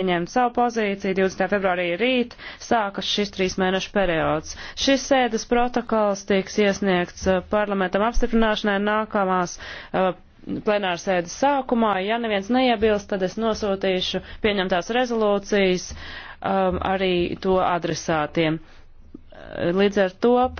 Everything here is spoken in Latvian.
pieņēma savu pozīciju, 20. februārī rīt sākas šis trīs mēnešu periods. Šis sēdes protokols tiks iesniegts uh, parlamentam apstiprināšanai nākamās uh, plenāra sēdes sākumā. Ja neviens neiebilst, tad es nosūtīšu pieņemtās rezolūcijas um, arī to adresātiem. Līdz ar to.